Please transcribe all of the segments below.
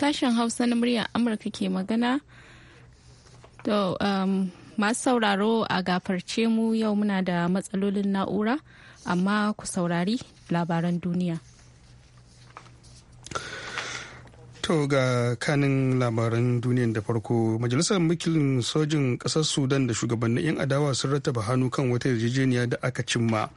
Sashen Hausa na muryar Amurka ke magana. To, um, masu sauraro a gafarce mu yau muna da matsalolin na'ura, amma ku saurari labaran duniya. To ga kanin labaran duniyan da farko majalisar mikilin sojin ƙasar Sudan da shugabannin 'yan adawa sun rattaba hannu kan wata yarjejeniya da aka cimma.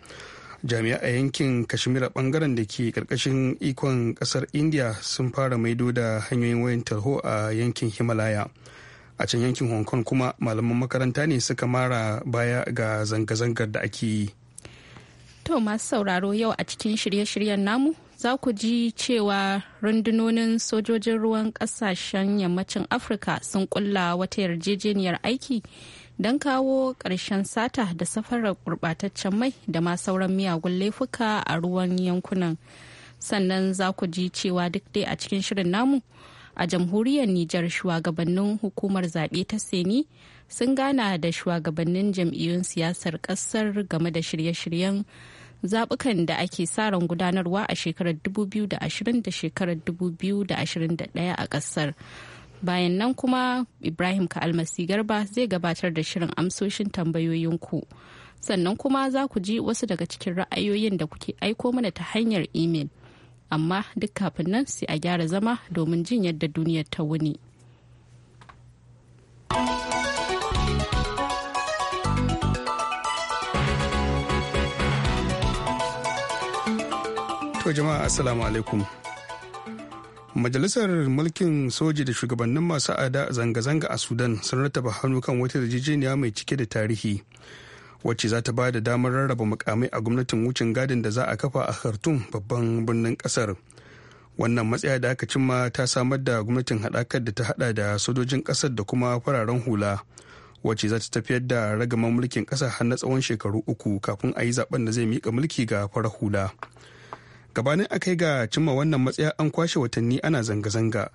jami'a a yankin kashmir bangaren da ke karkashin ikon kasar india sun fara maido da hanyoyin wayan tarho a yankin himalaya a can yankin hong kong kuma malaman makaranta ne suka mara baya ga zanga-zangar da ake yi to masu sauraro yau a cikin shirye-shiryen namu za ku ji cewa rundunonin sojojin ruwan kasashen yammacin afirka sun kulla wata yarjejeniyar aiki don kawo ƙarshen sata da safarar gurɓataccen mai da ma sauran miyagun laifuka a ruwan yankunan sannan za ku ji cewa duk dai a cikin shirin namu a jamhuriyar nijar shugabannin hukumar zaɓe ta seni sun gana da shugabannin jam'iyyun siyasar ƙasar game da shirye-shiryen zaɓukan da ake sa ran gudanarwa a shekarar 2020 da shekarar 2021 a ƙasar. bayan nan kuma ibrahim ka'almasi garba zai gabatar da shirin amsoshin tambayoyinku sannan kuma za ku ji wasu daga cikin ra'ayoyin da kuke aiko mana ta hanyar imel amma duk kafin nan sai a gyara zama domin jin yadda duniyar ta wuni to jama'a assalamu alaikum majalisar mulkin soji da shugabannin masu ada zanga-zanga a sudan sun rattaba hannu kan wata yarjejeniya mai cike da tarihi wacce za ta ba da damar rarraba mukamai a gwamnatin wucin gadin da za a kafa a khartoum babban birnin kasar wannan matsaya da aka cimma ta samar da gwamnatin haɗakar da ta hada da sojojin ƙasar da kuma fararen hula wacce za ta tafiyar da ragaman mulkin ƙasa har na tsawon shekaru uku kafin a yi zaben da zai mika mulki ga farar hula. gabanin a kai ga cimma wannan matsaya an kwashe watanni ana zanga-zanga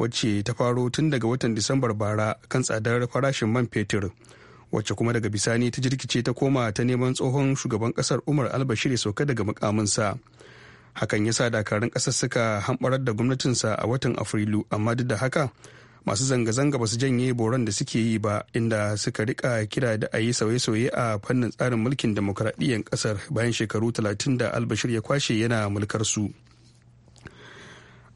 wacce ta faro tun daga watan disambar bara kan tsadar farashin man fetur wacce kuma daga bisani ta jirkice ta koma ta neman tsohon shugaban kasar umar albashir sauka daga mukaminsa hakan ya sa dakarun kasar suka hamɓarar da gwamnatinsa a watan afrilu amma duk da haka masu zanga-zanga ba su janye boron da suke yi ba inda suka rika kira da a yi sauye-sauye a fannin tsarin mulkin demokuraɗiyyar ƙasar bayan shekaru 30 da albashir ya kwashe yana mulkar su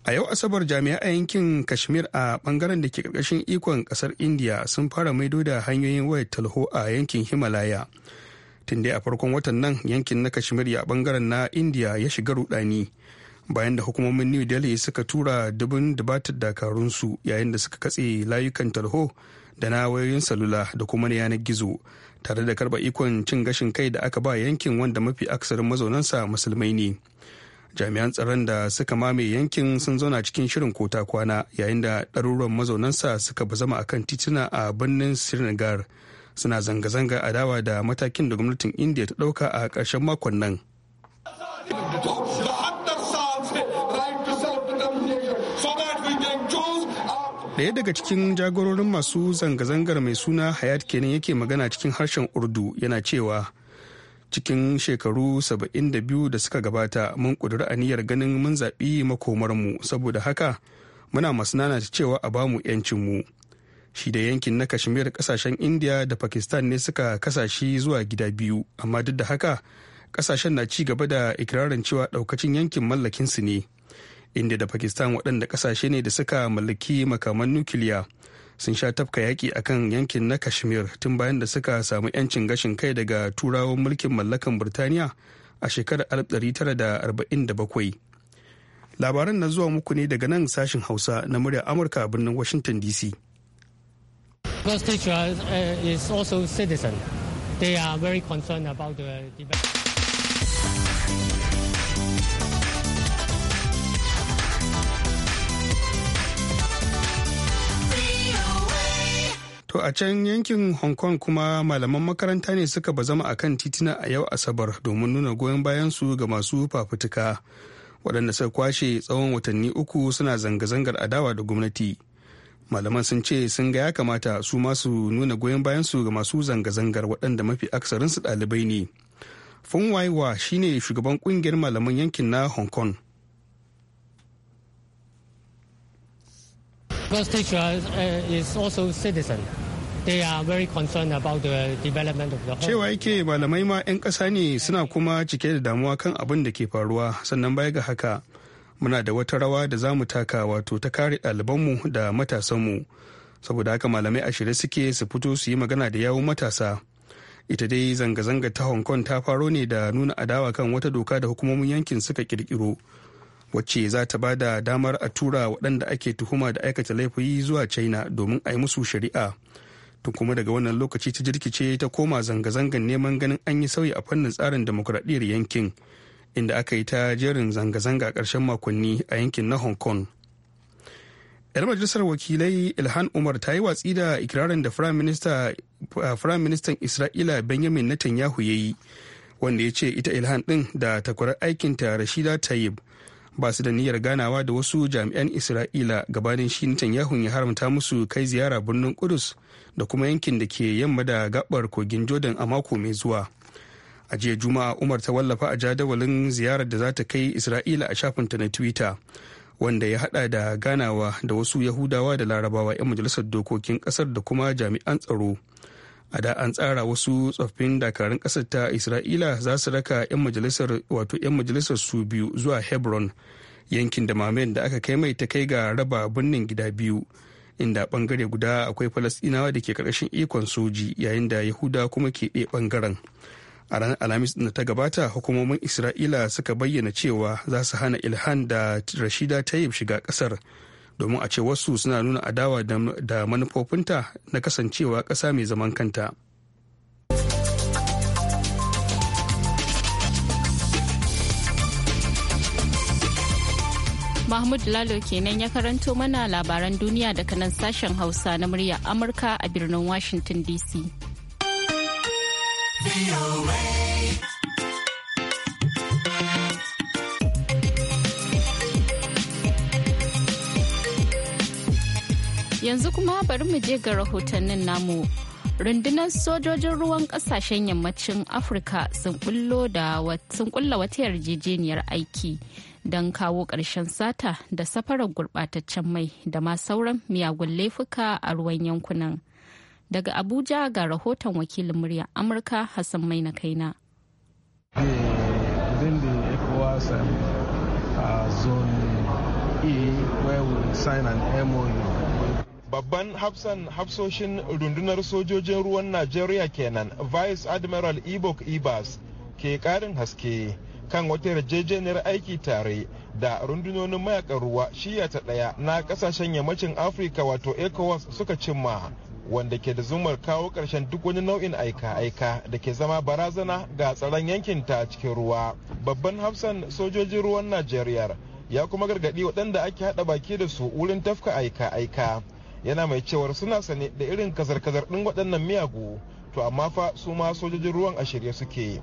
a yau asabar jami'a a yankin kashmir a bangaren da ke ƙarƙashin ikon ƙasar india sun fara maido da hanyoyin wayar talho a yankin himalaya tun a farkon watan nan yankin na kashmir ya bangaren na india ya shiga rudani bayan da hukumomin new delhi suka tura dubin dubatar dakarunsu yayin da suka katse layukan tarho da na wayoyin salula da kuma na yanar gizo tare da karba ikon cin gashin kai da aka ba yankin wanda mafi aksarin mazaunansa musulmai ne jami'an tsaron da suka mame yankin sun zauna cikin shirin kota kwana yayin da ɗaruruwan mazaunansa suka zama akan tituna a birnin srinagar suna zanga-zanga a dawa da matakin da gwamnatin india ta ɗauka a ƙarshen makon nan ɗaya daga cikin jagororin masu zanga-zangar mai suna hayat kenan yake magana cikin harshen urdu yana cewa cikin shekaru 72 da suka gabata mun ƙudiri aniyar ganin mun zaɓi makomarmu saboda haka muna masu nana cewa a bamu 'yancinmu shi da yankin na kashmir ƙasashen india da pakistan ne suka kasashe zuwa gida biyu amma duk da haka ƙasashen na ci gaba da ikirarin cewa ɗaukacin yankin mallakinsu ne inda da pakistan waɗanda ƙasashe ne da suka mallaki makaman nukiliya sun sha tafka yaƙi a kan yankin na kashmir tun bayan da suka samu 'yancin gashin kai daga turawan mulkin mallakan birtaniya a shekarar 1947 labaran na zuwa muku ne daga nan sashin hausa na murya amurka a birnin washington dc uh, They are very concerned about the To a can yankin Hong Kong kuma malaman makaranta ne suka bazama a kan titina a yau Asabar domin nuna goyon bayansu ga masu fafutuka waɗanda suka kwashe tsawon watanni uku suna zanga-zangar adawa da gwamnati. Malaman sun ce sun ga ya kamata su masu nuna goyon bayansu ga masu zanga-zangar waɗanda mafi aksarinsu ɗalibai ne. Fung Waiwa shine shugaban ƙungiyar malaman yankin na Hong Kong. Constitution uh, is also citizen. They are very concerned about the development of the whole. Cewa yake malamai ma 'yan ƙasa ne suna kuma cike da damuwa kan abin da ke faruwa sannan baya ga haka muna da wata rawa da za mu taka wato ta kare ɗalibanmu da matasanmu saboda haka malamai a shirye suke su fito su yi magana da yawun matasa ita dai zanga-zanga ta hong kong ta faro ne da nuna adawa kan wata doka da hukumomin yankin suka kirkiro wacce za ta ba da damar a tura waɗanda ake tuhuma da aikata laifi zuwa china domin a yi musu shari'a tun kuma daga wannan lokaci ta jirkice ta koma zanga-zangan neman ganin an yi sauyi a fannin tsarin demokuraɗiyyar yankin inda aka yi ta jerin zanga-zanga a ƙarshen makonni a yankin na hong kong yar majalisar wakilai ilhan umar ta yi watsi da ikirarin da firayim ministan isra'ila benjamin netanyahu ya yi wanda ya ce ita ilhan ɗin da takwarar aikinta rashida tayyib ba su da niyyar ganawa da wasu jami'an isra'ila gabanin shi yahun ya haramta musu kai ziyara birnin kudus da kuma yankin da ke yamma da gabar kogin jordan a mako mai zuwa a jiya juma'a umar ta wallafa a jadawalin ziyarar da za ta kai isra'ila a shafinta na twitter wanda ya hada da ganawa da wasu yahudawa da larabawa 'yan majalisar dokokin kasar da kuma jami'an tsaro a da an tsara wasu tsoffin dakarun ƙasar ta isra'ila za su raka 'yan majalisar wato 'yan majalisar su biyu zuwa hebron yankin da mamayin da aka kai mai ta kai ga raba birnin gida biyu inda bangare guda akwai falastinawa da ke karkashin ikon soji yayin da yahuda kuma ke ɗaya bangaren a ranar alhamis da ta gabata hukumomin isra'ila suka bayyana cewa za su hana ilhan da rashida tayyib shiga ƙasar domin a ce wasu suna nuna adawa da manufofinta na kasancewa ƙasa mai zaman kanta. Mahmud Lalo kenan ya karanto mana labaran duniya daga nan sashen Hausa na murya Amurka a birnin Washington DC. Yanzu kuma bari mu je ga rahotannin namu. rundunar sojojin ruwan kasashen yammacin afirka sun kulla wata yarjejeniyar aiki don kawo ƙarshen sata da safarar gurɓataccen mai da ma sauran miyagun laifuka a ruwan yankunan daga abuja ga rahoton wakilin murya amurka hassan mai na kaina uh, zone E where we sign an MOU babban hafsan hafsoshin rundunar sojojin ruwan najeriya kenan vice admiral ibok ibas ke karin haske kan wata yarjejeniyar aiki tare da rundunonin mayakan ruwa shiya ta daya na kasashen yammacin afirka wato ecowas suka cimma wanda ke da zumar kawo ƙarshen duk wani nau'in aika-aika da ke zama barazana ga tsaron yankin ta cikin ruwa babban hafsan sojojin ruwan najeriya ya kuma gargadi waɗanda ake haɗa baki da su wurin tafka aika-aika yana mai cewar suna sane da irin kazar-kazar ɗin waɗannan miyagu to amma fa su ma sojojin ruwan a shirye suke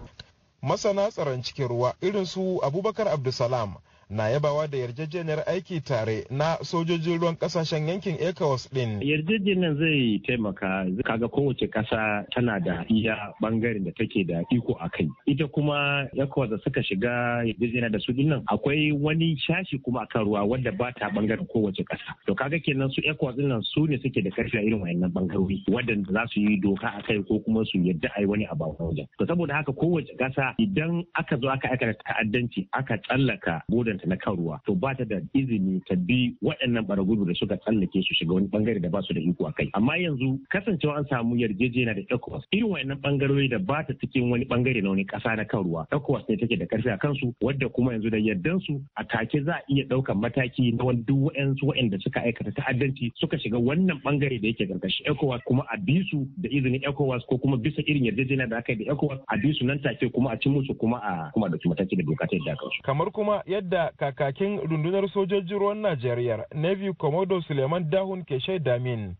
masana tsaron cikin ruwa irin su abubakar abdulsalam na yabawa da yarjejeniyar aiki tare na sojojin ruwan kasashen yankin ECOWAS din. Yarjejeniyar zai taimaka kaga kowace kasa tana da iya bangaren da take da iko a kai. Ita kuma ECOWAS da suka shiga yarjejeniyar da su dinnan akwai wani shashi kuma akan ruwa wanda ba ta bangaren kowace kasa. To kaga kenan su ECOWAS dinnan su ne suke da karfi a irin wayannan bangarori wadanda za su yi doka a kai ko kuma su yadda a yi wani abu a wajen. To saboda haka kowace kasa idan aka zo aka aikata ta'addanci aka tsallaka bodan kanta na kan ruwa to bata da izini ta bi waɗannan baragudu da suka tsallake su shiga wani bangare da ba su da iko a kai amma yanzu kasancewa an samu yarjejeniya da ECOWAS irin waɗannan bangarori da bata cikin wani bangare na wani ƙasa na kan ruwa ECOWAS ne take da karfi a kansu wadda kuma yanzu da yardan su a take za a iya ɗaukan mataki na wani duk waɗansu waɗanda suka aikata ta'addanci suka shiga wannan bangare da yake karkashin ECOWAS kuma a bi su da izini ECOWAS ko kuma bisa irin yarjejeniya da aka yi da ECOWAS a bi su nan take kuma a ci musu kuma a kuma da mataki da doka ta yadda kamar kuma yadda kakakin rundunar sojojin ruwan najeriya navy Commodore suleiman dahun ke shaida min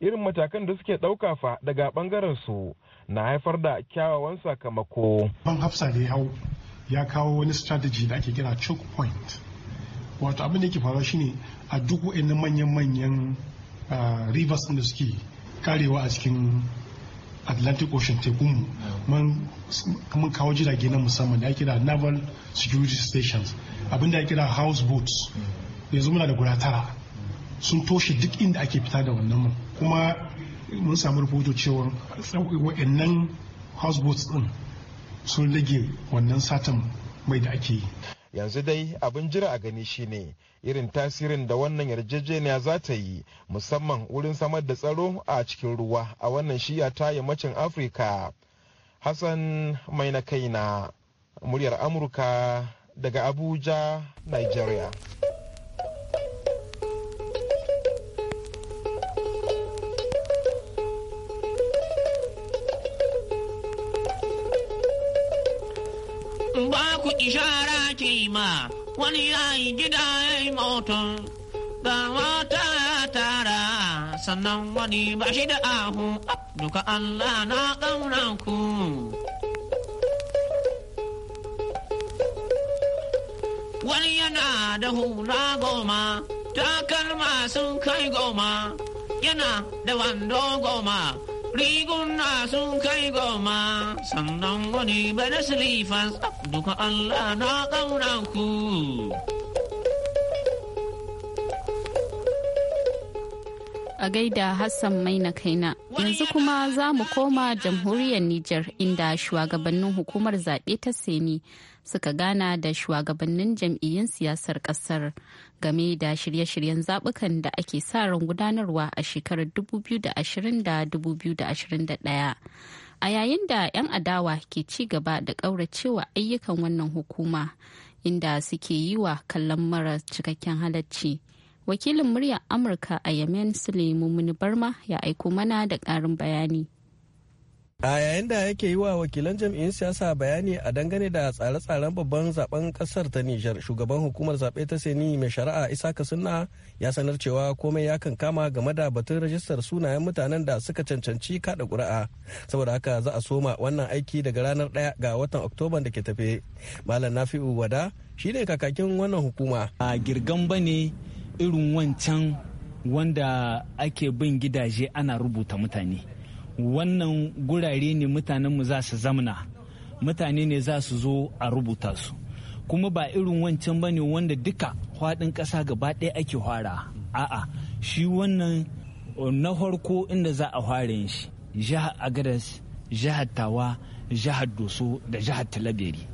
irin matakan da suke ɗauka fa daga ɓangaren su na haifar da kyawawan sakamako. ban hafsa da hau ya kawo wani strategy da ake kira choke point wato abin da yake faruwa shine a duk wa'annan manyan-manyan ah, rivers da suke karewa a cikin atlantic ocean tekun mu mun kawo jirage na musamman da ake kira naval security stations abin da kira house boats yanzu muna da guda tara sun toshe duk inda ake fita da wannan mu kuma mun samu rubutu cewa wa'annan house boats din sun rage wannan satan mai da ake yi yanzu dai abin jira a gani shine irin tasirin da wannan yarjejeniya za ta yi musamman wurin samar da tsaro a cikin ruwa a wannan shiya ta yammacin afirka hassan mai na kai na muryar amurka daga Abuja, Nigeria. Ba ku ishara ce ma wani yayi gida ya yi motar ga mata tara sannan wani ba shi da ahu duka Allah na ƙaunanku. ku. da hula goma takalma sun kai goma yana da wando goma riguna sun kai goma sannan wani ba bada silifas duka Allah na ƙaunanku. a gaida Hassan Maina Kaina. Yanzu kuma za mu koma jamhuriyar Nijar inda shugabannin hukumar zaɓe ta Seni suka gana da shugabannin jam'iyyun siyasar ƙasar game da shirye-shiryen zaɓukan da ake sa ran gudanarwa a shekarar 2020-2021. A yayin da 'yan adawa ke ci gaba da ƙauracewa ayyukan wannan hukuma inda suke yi wa kallon mara cikakken halacci. wakilin muryar amurka a yemen suleiman barma ya aiko mana da karin bayani a yayin da yake yi wa wakilan jam'iyyun siyasa bayani a dangane da tsare-tsaren babban zaben kasar ta nijar shugaban hukumar zaɓe ta seni mai shari'a isa kasunna ya sanar cewa komai ya kankama game da batun rajistar sunayen mutanen da suka cancanci kaɗa ƙuri'a saboda haka za a soma wannan aiki daga ranar ɗaya ga watan oktoba da ke tafe malam nafi'u wada shine kakakin wannan hukuma a girgan bane irin wancan wanda ake bin gidaje ana rubuta mutane wannan gurare ne mutanenmu za su zamna mutane ne za su zo a rubuta su kuma ba irin wancan ba ne wanda duka faɗin ƙasa gaba ɗaya ake hwara a'a shi wannan eh, na farko inda za a hware shi jihar agadas jihar tawa jihar doso da jihar talabiri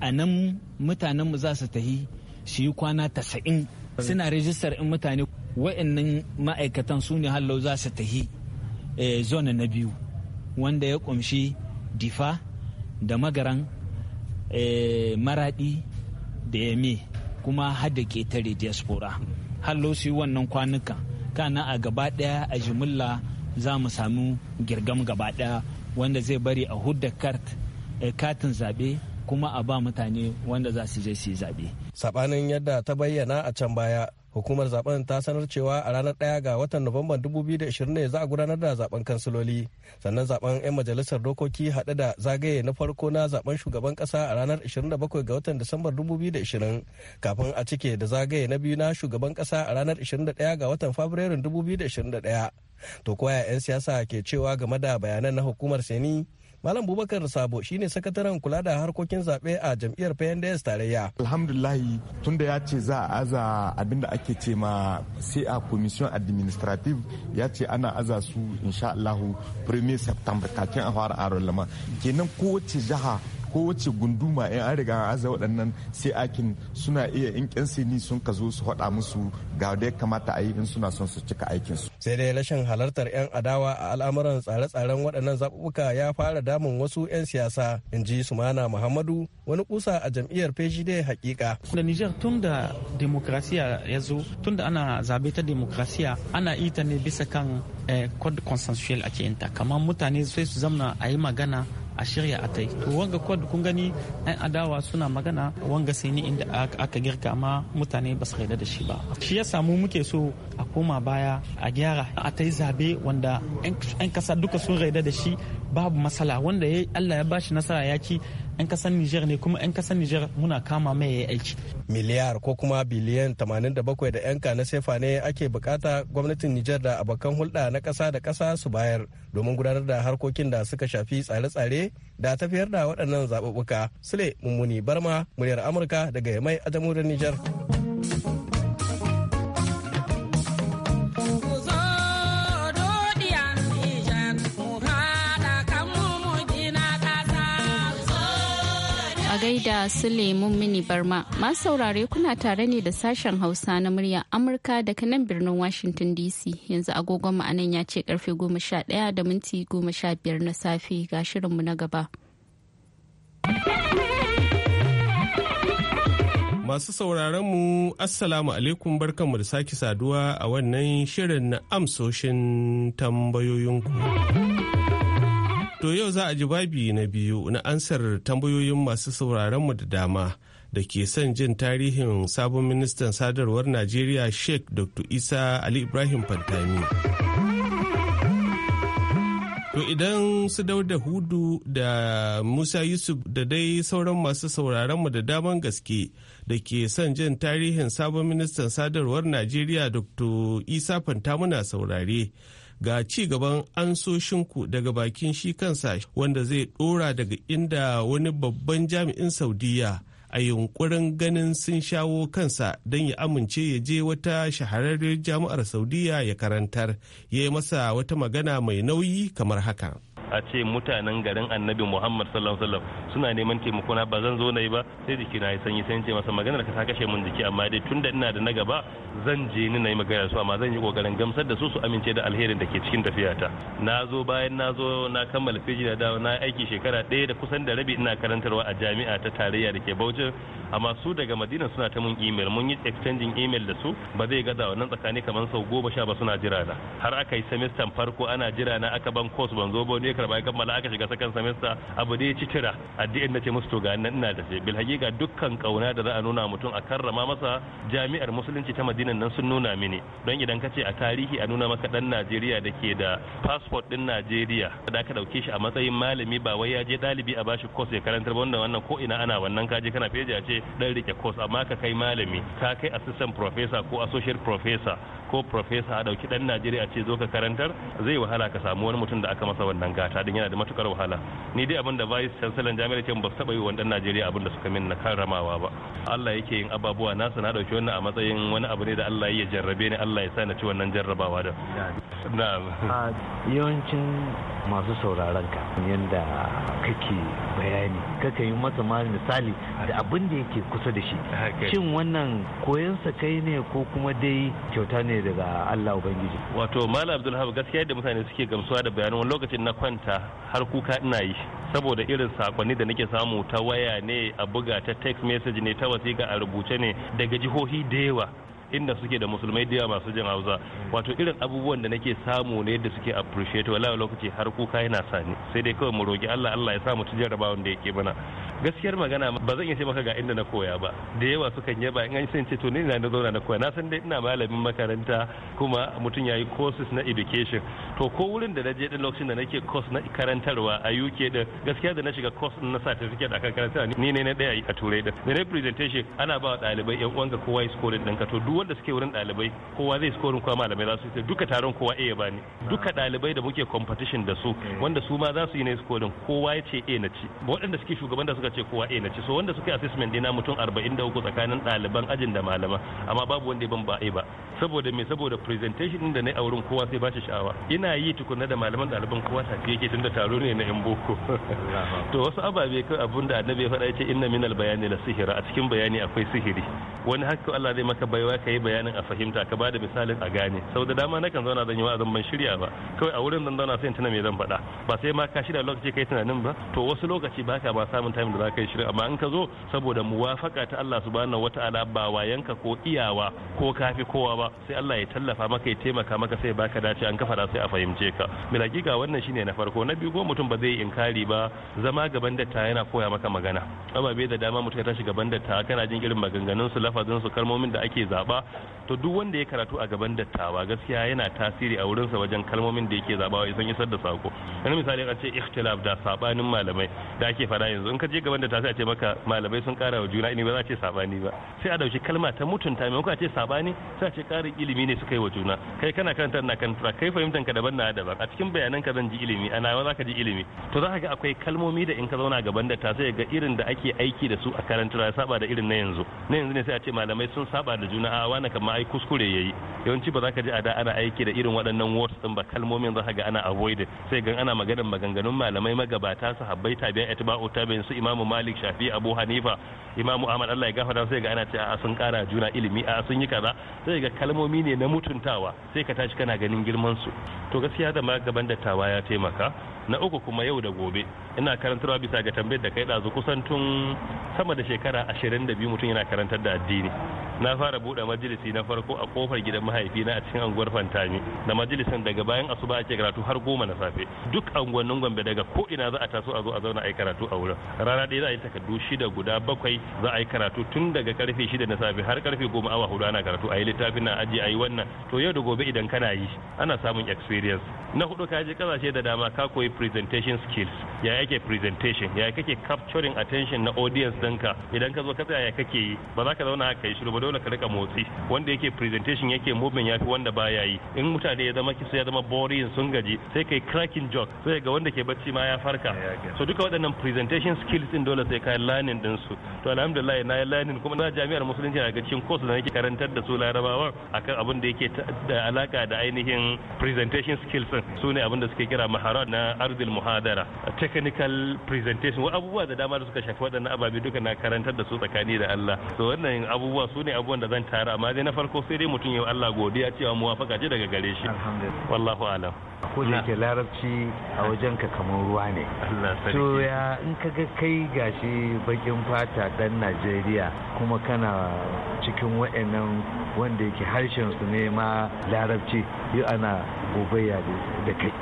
a nan mutanenmu za su tahi shi kwana tasa'in suna rijistar in mutane wa'annan ma'aikatan su ne hallo za su tahi eh, zona na biyu wanda ya kumshi difa da magaran eh, maradi da yame kuma hada ketare diaspora hallo su yi wannan kwanuka kana a gaba daya a jimilla za mu samu girgam gaba daya wanda zai bari a hudda eh, katin zaɓe kuma a ba mutane wanda za su je su yi zaɓe. sabanin yadda ta bayyana a can baya hukumar zaben ta sanar cewa a ranar 1 ga watan nuwamban 2020 ne za a gudanar da zaben kansiloli sannan zaben 'yan majalisar dokoki haɗe da zagaye na farko na zaben shugaban ƙasa a ranar 27 ga watan disambar 2020 kafin a cike da zagaye na biyu na shugaban ƙasa a ranar 21 ga watan fabrairun 2021 to koya 'yan siyasa ke cewa game da bayanan na hukumar seni Malam Bubakar Sabo shine sakataren kula da harkokin zaɓe a jam'iyyar PNDS tarayya. Alhamdulahi tunda ya ce za a aza abin da ake ce ma sai a commission administrative ya ce ana aza su insha Allahu 1 September kafin a fara aron lama Kenan kowace jiha kowace gunduma in an riga an aza waɗannan sai akin suna iya in ƙyan sini sun ka zo su haɗa musu ga da kamata a yi in suna son su cika aikin su. sai dai rashin halartar 'yan adawa a al'amuran tsare-tsaren waɗannan zaɓuɓɓuka ya fara damun wasu 'yan siyasa in ji sumana muhammadu wani kusa a jam'iyyar feshi dai hakika. da niger tun da demokrasiya ya zo tun da ana zaɓe ta demokrasiya ana ita ne bisa kan eh, code consensual ake yinta kamar mutane sai su zamna a yi magana a shirya a tai wanga kod kun gani yan adawa suna magana wanga sai ni inda aka girka ma mutane ba su da shi ba shi ya samu muke so a koma baya a gyara a tai zabe wanda yan kasa duka sun raida da shi babu matsala wanda Allah ya bashi nasara ya ci 'yan kasar Nijar ne kuma 'yan kasar Nijar muna kama mai aiki. Miliyar ko kuma biliyan 87 da 'yan na sefa ne ake bukata gwamnatin Nijar da abokan hulɗa na ƙasa da ƙasa su bayar domin gudanar da harkokin da suka shafi tsare-tsare da tafiyar da waɗannan zaɓuɓɓuka. Sule Mummuni Barma, muryar Amurka daga Yamai a jamhuriyar Nijar. gaida su lemun mini barma. Masu saurare kuna tare ne da sashen Hausa na murya Amurka daga nan birnin Washington DC. Yanzu agogon ma'anan ya ce karfe 11 da minti 15 na safe ga shirinmu na gaba. Masu sauraronmu Assalamu alaikum barkanmu da sake saduwa a wannan shirin na amsoshin tambayoyinku. To yau za a ji babi na biyu na ansar tambayoyin masu sauraronmu da dama da ke son jin tarihin sabon ministan sadarwar Najeriya Sheikh Dr. Isa Ali Ibrahim Fantami. To idan su dauda hudu da Musa Yusuf da dai sauran masu sauraronmu da daman gaske da ke son jin tarihin sabon ministan sadarwar Najeriya Dr. Isa na saurare. ga ci gaban ansoshinku daga bakin shi kansa wanda zai dora daga inda wani babban jami'in saudiya a yunkurin ganin sun shawo kansa don ya amince ya je wata shahararriyar jami'ar saudiya ya karantar ya yi masa wata magana mai nauyi kamar haka a ce mutanen garin annabi muhammad sallallahu alaihi wasallam suna neman taimako na ba zan zo na ba sai jiki na yi sanyi sai ce masa maganar ka ta kashe mun jiki amma dai tun da ina da na gaba zan je ni na yi magana su amma zan yi kokarin gamsar da su su amince da alherin da ke cikin ta na zo bayan na zo na kammala fiji da dawo na aiki shekara ɗaya da kusan da rabi ina karantarwa a jami'a ta tarayya da ke bauchi amma su daga madina suna ta mun email mun yi exchanging email da su ba zai gaza wannan tsakani kamar sau goma sha ba suna jira na har aka yi semester farko ana jira na aka ban course ban zo ba ne karba ya kammala aka shiga sakan semester abu da ya ci tira addinin na ce musu to ga nan ina da ce bil hakika dukkan kauna da za a nuna mutum a karrama masa jami'ar musulunci ta madinan nan sun nuna mini don idan ka ce a tarihi a nuna maka dan Najeriya da ke da passport din Najeriya da ka dauke shi a matsayin malami ba wai ya je dalibi a bashi course ya karantar ba wanda wannan ko ina ana wannan ka je kana feja ce dan rike course amma ka kai malami ka kai assistant professor ko associate professor ko profesa a dauki dan najeriya a ce zo ka karantar zai wahala ka samu wani mutum da aka masa wannan gata din yana da matukar wahala ni dai abin da vice chancellor jami'ar ce ba su taba yi wa dan najeriya abin da suka min na karramawa ba allah yake yin ababuwa nasa na dauki wannan a matsayin wani abu ne da allah ya jarrabe ni allah ya sa na ci wannan jarrabawa da yawancin masu sauraron ka yadda kake bayani kaka yi masa ma misali da abin da yake kusa da shi shin wannan sa kai ne ko kuma dai kyauta ne daga Allah Ubangiji. Wato Malam Abdulhab gaskiya yadda mutane suke gamsuwa da bayanin wani lokacin na kwanta har kuka ina yi saboda irin sakonni da nake samu ta waya ne a buga ta text message ne ta wasiƙa a rubuce ne daga jihohi da yawa inda suke da musulmai da masu jin hausa wato irin abubuwan da nake samu ne da suke appreciate wala lokaci har kuka yana sani sai dai kawai mu roki Allah Allah ya sa mu ci jarabawan da yake mana gaskiyar magana ba zan iya ce maka ga inda na koya ba da yawa sukan yaba in an ce to ni na zauna na koya na san dai ina malamin makaranta kuma mutum yayi courses na education to ko wurin da naje din lokacin da nake course na karantarwa a UK din gaskiya da na shiga course na certificate akan karantarwa ni ne na daya a turai din da na presentation ana ba ɗalibai yan uwan ga kowa score din ka to duk wanda suke wurin dalibai kowa zai scoring kowa malamai za su yi duka taron kowa a ya bani duka dalibai da muke competition da su mm. wanda su ma za su yi na scoring kowa ya ce a na ci waɗanda suke shugaban da suka ce kowa a na ci so wanda suka yi assessment dina mutum 43 tsakanin ɗaliban ajin da malama amma babu wanda ya ban ba a ba saboda me saboda presentation din da na wurin kowa sai ba shi sha'awa ina yi tukunna da malaman ɗaliban kowa tafi yake tunda taro ne na yan boko to wasu ababe kai abun da annabi ya faɗa yace inna minal bayani la sihira a cikin bayani akwai sihiri wani hakku Allah zai maka baiwa kai bayanin a fahimta ka bada misalin a gane saboda dama nakan zauna zan yi wa'azin ban shirya ba kawai a wurin zan zauna sai tana me zan faɗa ba sai ma ka shirya lokaci kai tunanin ba to wasu lokaci ba ka ba samun time da za ka yi shirya amma in ka zo saboda muwafaka ta Allah subhanahu wata'ala ba wayanka ko iyawa ko kafi kowa ba sai Allah ya tallafa maka ya taimaka maka sai baka dace an kafa sai a fahimce ka bil hakika wannan shine na farko na biyu ko mutum ba zai yi inkari ba zama gaban datta yana koya maka magana ababe da dama mutum ya tashi gaban datta kana jin irin maganganun su lafazin su kalmomin da ake zaba to duk wanda ya karatu a gaban dattawa gaskiya yana tasiri a wurin sa wajen kalmomin da yake wa isan isar da sako wani misali a ce ikhtilaf da sabanin malamai da ake fara yanzu in ka je gaban ta sai a ce maka malamai sun kara wa juna ilimi ba za a ce sabani ba sai a dauki kalma ta mutunta maimakon a ce sabani sai a ce ƙarin ilimi ne suka yi wa juna kai kana karanta na karanta kai fahimtan ka daban na daban a cikin bayanan ka zan ji ilimi a nawa zaka ji ilimi to ka ga akwai kalmomi da in ka zauna gaban da ta sai ga irin da ake aiki da su a karanta ya saba da irin na yanzu na yanzu ne sai a ce malamai sun saba da juna a wani kamar ai kuskure yayi yawanci ba ka ji a da ana aiki da irin waɗannan words din ba kalmomin ka ga ana avoid sai ga ana maganar maganganun malamai magabata sahabbai tabi'a itba'u tabi'in su imamu malik shafi'i abu hanifa imamu ahmad Allah ya gafara sai ga ana ce a sun kara juna ilimi a sun yi kaza sai ga kalmomi ne na mutuntawa sai ka tashi kana ganin girman su to gaskiya zama gaban dattawa ya taimaka na uku kuma yau da gobe ina karantarwa bisa ga tambayar da kai ɗazu kusan tun sama da shekara ashirin da mutum yana karantar da addini na fara buɗe majalisi na farko a kofar gidan na a cikin anguwar fantami da majalisin daga bayan asuba ake karatu har goma na safe duk anguwannin gombe daga ko ina za a taso a zo a zauna a yi karatu a wurin rana ɗaya za a yi takardu shida guda bakwai za a yi karatu tun daga karfe shida na safe har karfe goma awa hudu ana karatu a yi littafin na aji a yi wannan to yau da gobe idan kana yi ana samun experience na hudu ka je kasashe da dama ka koyi presentation skills ya yake presentation ya kake capturing attention na audience danka idan ka zo ka tsaya ya kake yi ba za ka zauna ka yi shiru ba dole ka rika motsi wanda yake presentation yake movement yafi wanda baya yi in mutane ya zama kisa ya zama boring sun gaji sai kai cracking joke sai ga wanda ke bacci ma ya farka so duka waɗannan presentation skills din dole sai ka learning din su to alhamdulillah na yi learning kuma na jami'ar musulunci a cikin course da nake karantar da su larabawan akan abin da yake da alaka da ainihin presentation skills su ne abin da suke kira maharat na ardil muhadara technical presentation wa abubuwa da dama da suka shafi waɗannan ababe duka na karantar da su tsakani da Allah to wannan abubuwa su ne abubuwan da zan tara amma dai na farko sai dai mutum ya Allah godiya cewa mu muwafaka ce daga gare shi wallahu alam ko da yake larabci a wajen ka kamar ruwa ne to ya in ka ga kai gashi bakin fata dan Najeriya kuma kana cikin waɗannan wanda yake harshen su ne ma larabci yi ana gobayya da kai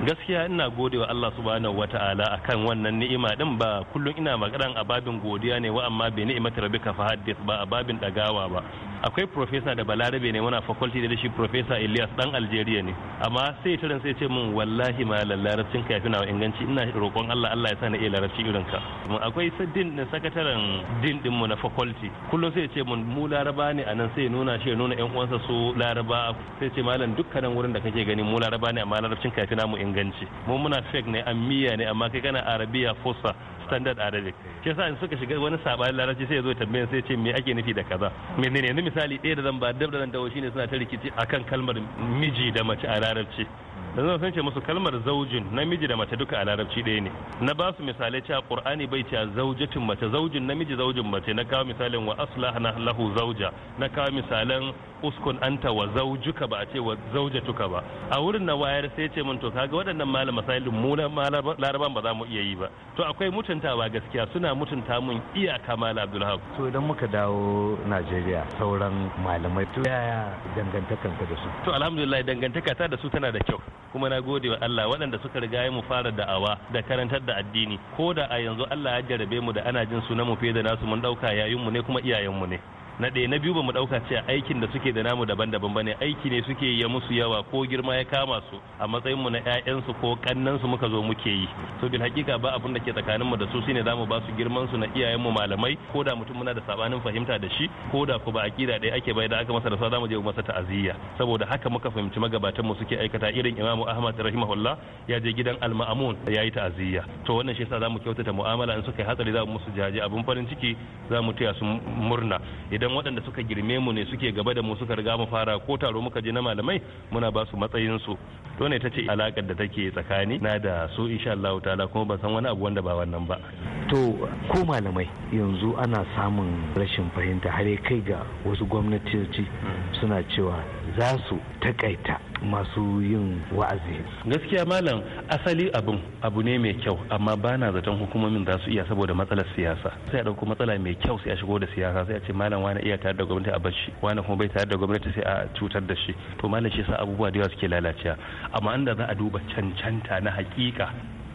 gaskiya ina gode wa Allah subhanahu wata'ala akan wannan ni'ima din ba kullum ina magana a babin godiya ne wa amma bai ni'imata rabbika fa haddith ba a babin dagawa ba akwai profesa da balarabe ne muna faculty da shi profesa Ilyas dan Algeria ne amma sai turin sai ce min wallahi ma larabcin ka yafi na inganci ina roƙon Allah Allah ya sa na iya larabci irin ka akwai saddin din sakataren din din mu na faculty kullum sai ce mun mu laraba ne anan sai nuna shi nuna yan uwansa su laraba sai ce malam dukkanin wurin da kake gani mu laraba ne amma larabcin ka yafi na mu inganci mu muna fake ne amiya ne amma kai kana arabiya fossa standard arabic shi yasa in suka shiga wani sabanin larabci sai ya zo tambayan sai ce me ake nufi da kaza menene yanzu misali ɗaya da zan ba dabda da nan dawo shine suna ta rikici akan kalmar miji da mace a larabci da zan sun ce musu kalmar zaujin namiji da mace duka a larabci ɗaya ne na ba su misalai cewa qur'ani bai cewa zaujatin mace zaujin namiji zaujin mace na kawo misalin wa aslahna lahu zauja na kawo misalan uskun anta wa zaujuka ba a ce wa zaujatuka ba a wurin na wayar sai ce mun to kaga waɗannan malam misalin mu na laraban ba za mu iya yi ba to akwai mutuntawa gaskiya suna mutunta mun iyaka malam abdulhab to idan muka dawo najeriya sauran malamai to yaya dangantakanka da su to alhamdulillah dangantaka ta da su tana da kyau kuma na gode wa Allah waɗanda suka riga mu fara da'awa da karantar da addini ko da a yanzu Allah ya jarabe mu da ana jin sunan mu fiye da nasu mun ɗauka yayin mu ne kuma iyayen mu ne na ɗaya na biyu ba mu ɗauka cewa aikin da suke da namu daban-daban ba ne aiki ne suke ya musu yawa ko girma ya kama su a matsayinmu na 'ya'yansu ko kannansu muka zo muke yi so bil hakika ba abin da ke tsakaninmu da su shine zamu ba su girman su na iyayenmu malamai ko da mutum muna da sabanin fahimta da shi ko da ku ba aƙida ɗaya ake bai da aka masa da sa mu je mu masa ta'aziyya saboda haka muka fahimci magabatan mu suke aikata irin imamu Ahmad rahimahullah ya je gidan Al-Ma'mun ya yi ta'aziyya to wannan shi yasa zamu kyautata mu'amala in suka yi hatsari za mu musu jaje abun farin ciki za mu taya su murna idan idan waɗanda suka girme mu ne suke gaba da mu suka riga mu fara ko taro muka je na malamai muna ba su matsayin su to ne tace alakar da take tsakani na da su insha Allah ta'ala kuma ban san wani abu wanda ba wannan ba to ko malamai yanzu ana samun rashin fahimta har kai ga wasu gwamnatoci hmm. suna cewa za su takaita masu yin wa'azi gaskiya malam asali abin abu ne mai kyau amma ba na zaton hukumomin za su iya saboda matsalar siyasa sai a dauko matsala mai kyau sai a shigo da siyasa sai a ce malam wani iya tare da gwamnati a bar wani kuma bai tare da gwamnati sai a cutar da shi to malam shi sa abubuwa da yawa suke lalacewa amma inda za a duba cancanta na hakika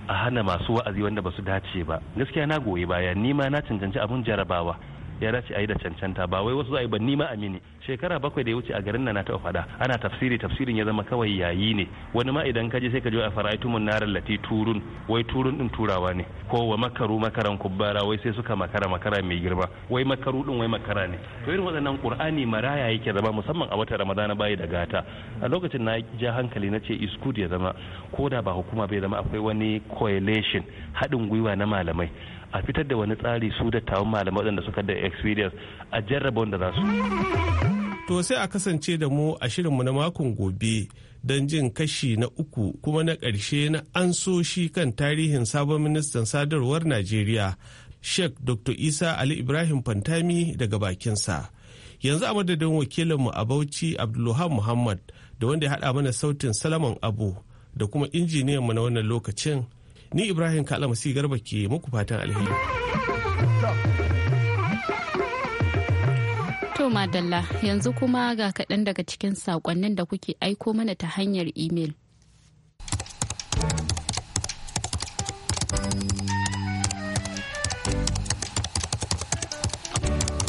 a hana masu wa'azi wanda ba su dace ba gaskiya na goyi baya ni ma na cancanci abin jarabawa ya dace a yi da cancanta ba wai wasu zai ba ni ma amini shekara bakwai da ya wuce a garin nan na taɓa faɗa ana tafsiri tafsirin ya zama kawai yayi ne wani ma idan ka je sai ka je a mun narar lati turun wai turun din turawa ne ko wa makaru makaran kubbara wai sai suka makara makara mai girma wai makaru din wai makara ne to irin waɗannan qur'ani maraya yake zama musamman a watan ramadana bai da gata a lokacin na ja hankali na ce iskud ya zama ko da ba hukuma bai zama akwai wani coalition haɗin gwiwa na malamai a fitar da wani tsari su da tawon malamai waɗanda suka da experience a jarraba wanda za su to sai a kasance da mu a shirinmu na makon gobe don jin kashi na uku kuma na ƙarshe na an so shi kan tarihin sabon ministan sadarwar najeriya sheikh dr isa ali ibrahim fantami daga bakinsa yanzu a madadin wakilinmu a bauchi abdulluhan muhammad da wanda ya haɗa mana sautin salaman abu da kuma injiniyanmu na wannan lokacin ni ibrahim kalamasi garba ke muku fatan alheri to madalla yanzu kuma ga kaɗan daga cikin saƙonnin da kuke aiko mana ta hanyar imel.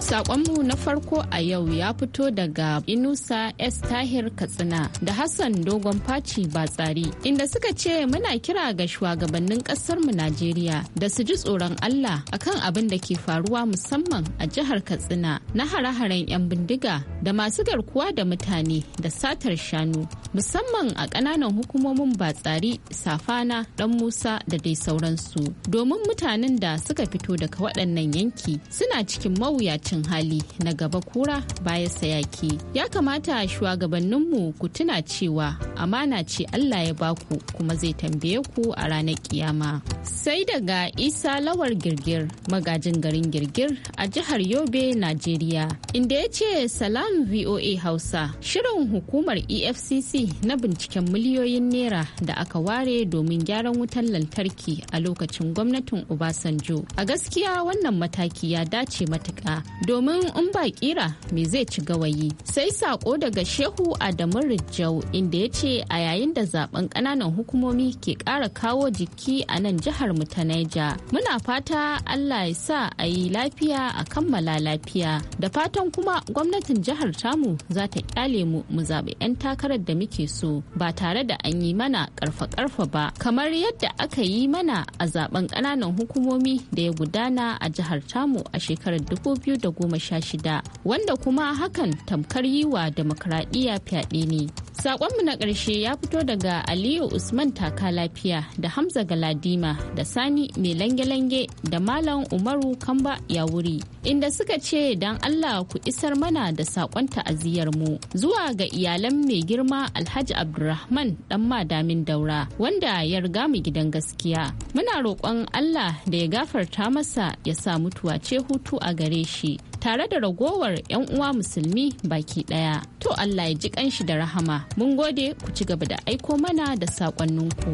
Sakonmu na farko a yau ya fito daga Inusa S. Tahir Katsina da Hassan Dogon Faci Batsari inda suka ce muna kira ga shugabannin mu Najeriya da su ji tsoron Allah akan abin da ke faruwa musamman a jihar Katsina na hare-haren 'yan bindiga da masu garkuwa da mutane da satar shanu musamman a ƙananan hukumomin Batsari, Safana, Dan Musa da dai sauransu domin mutanen da suka fito daga waɗannan yanki suna cikin mawuyacin rashin hali na gaba kura baya sayaki ya kamata shugabanninmu ku tuna cewa amana ce allah ya baku kuma zai tambaye ku a ranar kiyama sai daga isa lawar girgir magajin garin girgir a jihar yobe najeriya inda ya ce salam voa hausa shirin hukumar efcc na binciken miliyoyin naira da aka ware domin gyaran wutan lantarki a lokacin gwamnatin obasanjo a gaskiya wannan mataki ya dace matuka domin in ba kira me zai ci gawayi sai sako daga shehu adamu rijau inda ya ce a yayin da zaben kananan hukumomi ke kara kawo jiki a nan jihar mu ta naija muna fata allah ya sa a yi lafiya a kammala lafiya da fatan kuma gwamnatin jihar tamu za ta kyale mu mu zaɓi 'yan takarar da muke so ba tare da an yi mana karfa-karfa ba kamar yadda aka yi mana a zaben kananan hukumomi da ya gudana a jihar tamu a shekarar 2010 goma sha shida wanda kuma hakan tamkar yiwa wa demokradiyya fyaɗe ne Sakonmu na ƙarshe ya fito daga Aliyu Usman Taka Lafiya da Hamza Galadima da Sani Mai Lange-Lange da Malam Umaru Kamba ya wuri inda suka ce don Allah ku isar mana da saƙon ta'aziyar mu zuwa ga iyalan mai girma Alhaji Abdulrahman ɗan madamin daura wanda ya riga mu gidan gaskiya. Muna roƙon Allah da ya gafarta masa ya sa mutuwa ce hutu a gare shi. tare da ragowar 'yan uwa musulmi baki daya. To Allah ya ji kanshi da rahama. Mun gode ku ci gaba da aiko mana da sakonninku.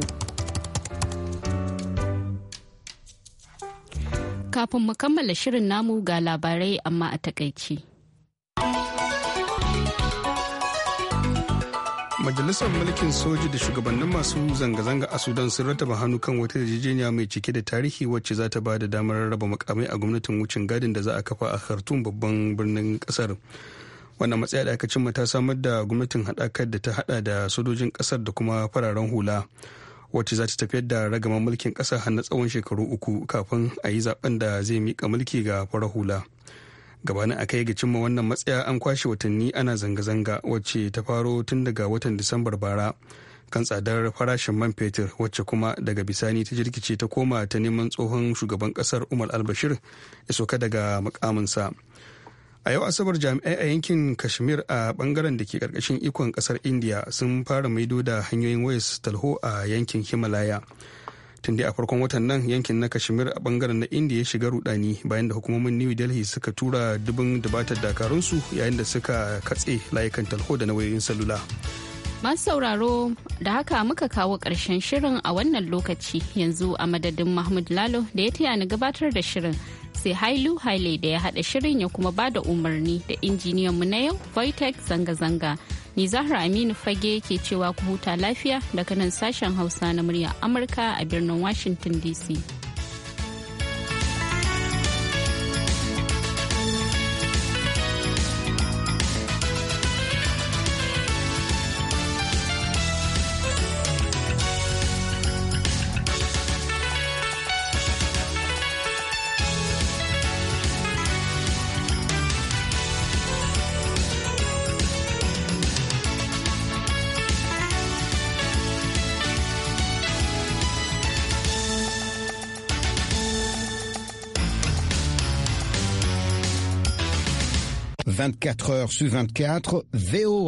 Kafin mu kammala shirin namu ga labarai amma a takaici. majalisar mulkin soji da shugabannin masu zanga-zanga a sudan sun rattaba hannu kan wata yarjejeniya mai cike da tarihi wacce za ta ba da damar rarraba makamai a gwamnatin wucin gadin da za a kafa a khartoum babban birnin kasar wannan matsaya da aka cimma ta samar da gwamnatin haɗakar da ta haɗa da sojojin kasar da kuma fararen hula wacce za ta tafiyar da ragaman mulkin kasar har na tsawon shekaru uku kafin a yi zaben da zai mika mulki ga farar hula. gabanin a kai ga cimma wannan matsaya an kwashe watanni ana zanga-zanga wacce ta faro tun daga watan disambar bara kan tsadar farashin man fetur wacce kuma daga bisani ta jirkice ta koma ta neman tsohon shugaban kasar umar albashir ya soka daga mukaminsa a yau asabar jami'ai a yankin kashmir a bangaren da ke karkashin ikon kasar india sun fara maido da hanyoyin wayas talho a yankin himalaya tun da a farkon watan nan yankin na kashmir a bangaren na india ya shiga rudani bayan da hukumomin new delhi suka tura dubin dubatar dakarunsu yayin da suka katse layukan talho da na wayoyin salula Masu sauraro da haka muka kawo ƙarshen shirin a wannan lokaci yanzu a madadin Mahmud Lalo da ya taya ni gabatar da shirin sai Hailu Haile da ya haɗa shirin ya kuma ba da umarni da injiniyanmu na yau zanga-zanga. Ni Zahra Aminu Fage ke cewa ku huta lafiya daga nan sashen Hausa na murya Amurka a birnin Washington DC. 24 heures sur 24, VOA.